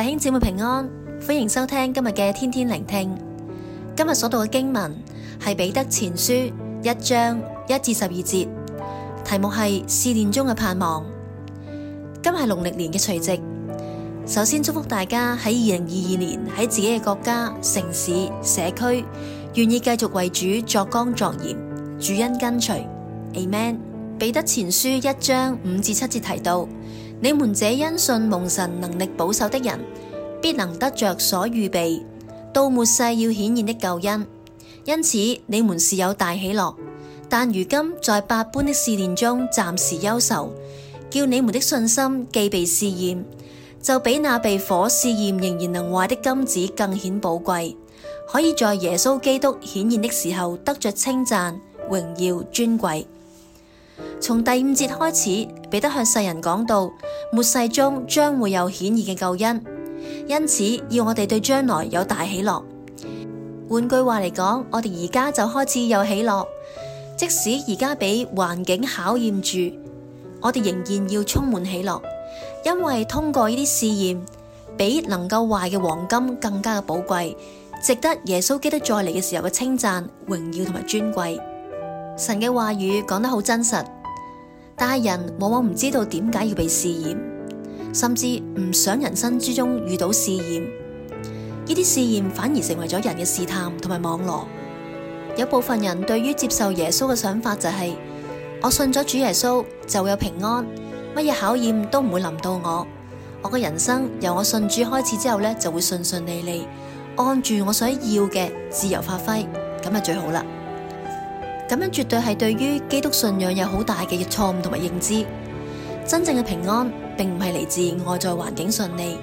弟兄姊妹平安，歡迎收聽今日嘅天天聆聽。今日所讀嘅經文係彼得前書一章一至十二節，題目係試煉中嘅盼望。今日係農曆年嘅除夕，首先祝福大家喺二零二二年喺自己嘅國家、城市、社區，願意繼續為主作光作鹽，主恩跟隨，Amen。彼得前書一章五至七節提到：你們這因信蒙神能力保守的人，必能得着所預備到末世要顯現的救恩。因此，你們是有大喜樂，但如今在百般的試煉中暫時憂愁，叫你們的信心既被試驗，就比那被火試驗仍然能壞的金子更顯寶貴，可以在耶穌基督顯現的時候得着稱讚、榮耀、尊貴。從第五節開始，彼得向世人講道：末世中將會有顯現嘅救恩，因此要我哋對將來有大喜樂。換句話嚟講，我哋而家就開始有喜樂，即使而家俾環境考驗住，我哋仍然要充滿喜樂，因為通過呢啲試驗，比能夠壞嘅黃金更加嘅寶貴，值得耶穌基督再嚟嘅時候嘅稱讚、榮耀同埋尊貴。神嘅話語講得好真實。但人往往唔知道點解要被試驗，甚至唔想人生之中遇到試驗。呢啲試驗反而成為咗人嘅試探同埋網羅。有部分人對於接受耶穌嘅想法就係：我信咗主耶穌就會有平安，乜嘢考驗都唔會臨到我。我嘅人生由我信主開始之後呢，就會順順利利，按住我想要嘅自由發揮，咁啊最好啦。咁樣絕對係對於基督信仰有好大嘅錯誤同埋認知。真正嘅平安並唔係嚟自外在環境順利，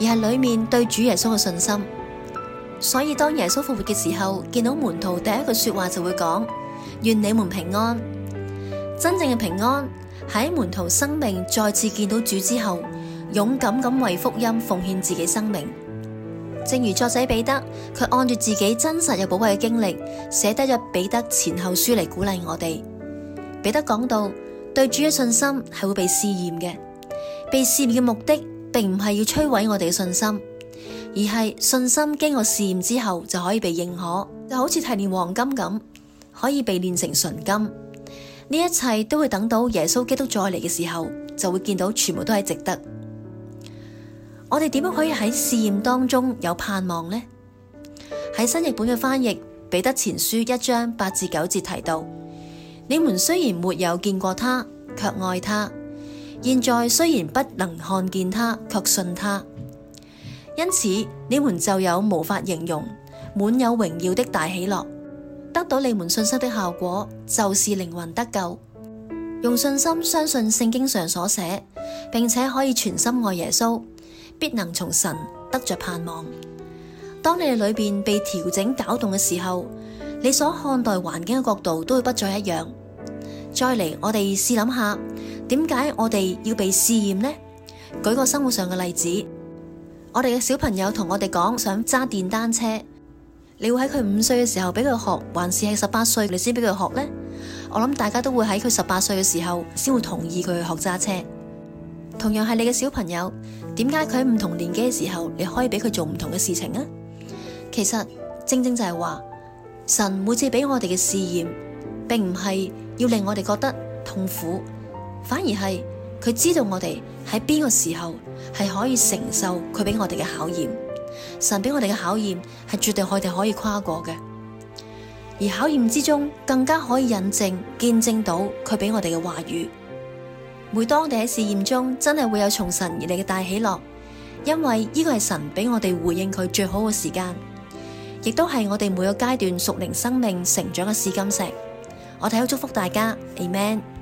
而係裏面對主耶穌嘅信心。所以當耶穌復活嘅時候，見到門徒第一句說話就會講：願你們平安。真正嘅平安喺門徒生命再次見到主之後，勇敢咁為福音奉獻自己生命。正如作者彼得，佢按住自己真實又寶貴嘅經歷，寫得咗彼得前後書嚟鼓勵我哋。彼得講到，對主嘅信心係會被試驗嘅，被試驗嘅目的，並唔係要摧毀我哋嘅信心，而係信心經過試驗之後就可以被認可，就好似提煉黃金咁，可以被煉成純金。呢一切都會等到耶穌基督再嚟嘅時候，就會見到全部都係值得。我哋點樣可以喺試驗當中有盼望呢？喺新譯本嘅翻譯彼得前書一章八至九節提到：你們雖然沒有見過他，卻愛他；現在雖然不能看見他，卻信他。因此你們就有無法形容滿有榮耀的大喜樂。得到你們信心的效果，就是靈魂得救。用信心相信聖經上所寫，並且可以全心愛耶穌。必能從神得着盼望。當你哋裏邊被調整搞動嘅時候，你所看待環境嘅角度都會不再一樣。再嚟，我哋試諗下，點解我哋要被試驗呢？舉個生活上嘅例子，我哋嘅小朋友同我哋講想揸電單車，你會喺佢五歲嘅時候俾佢學，還是係十八歲你先俾佢學呢？我諗大家都會喺佢十八歲嘅時候先會同意佢去學揸車。同樣係你嘅小朋友。點解佢喺唔同年紀嘅時候，你可以畀佢做唔同嘅事情啊？其實正正就係話，神每次畀我哋嘅試驗，並唔係要令我哋覺得痛苦，反而係佢知道我哋喺邊個時候係可以承受佢畀我哋嘅考驗。神畀我哋嘅考驗係絕對我哋可以跨過嘅，而考驗之中更加可以引證見證到佢畀我哋嘅話語。每當我哋喺試驗中，真係會有從神而嚟嘅大喜樂，因為呢個係神畀我哋回應佢最好嘅時間，亦都係我哋每個階段屬靈生命成長嘅試金石。我睇好祝福大家，Amen。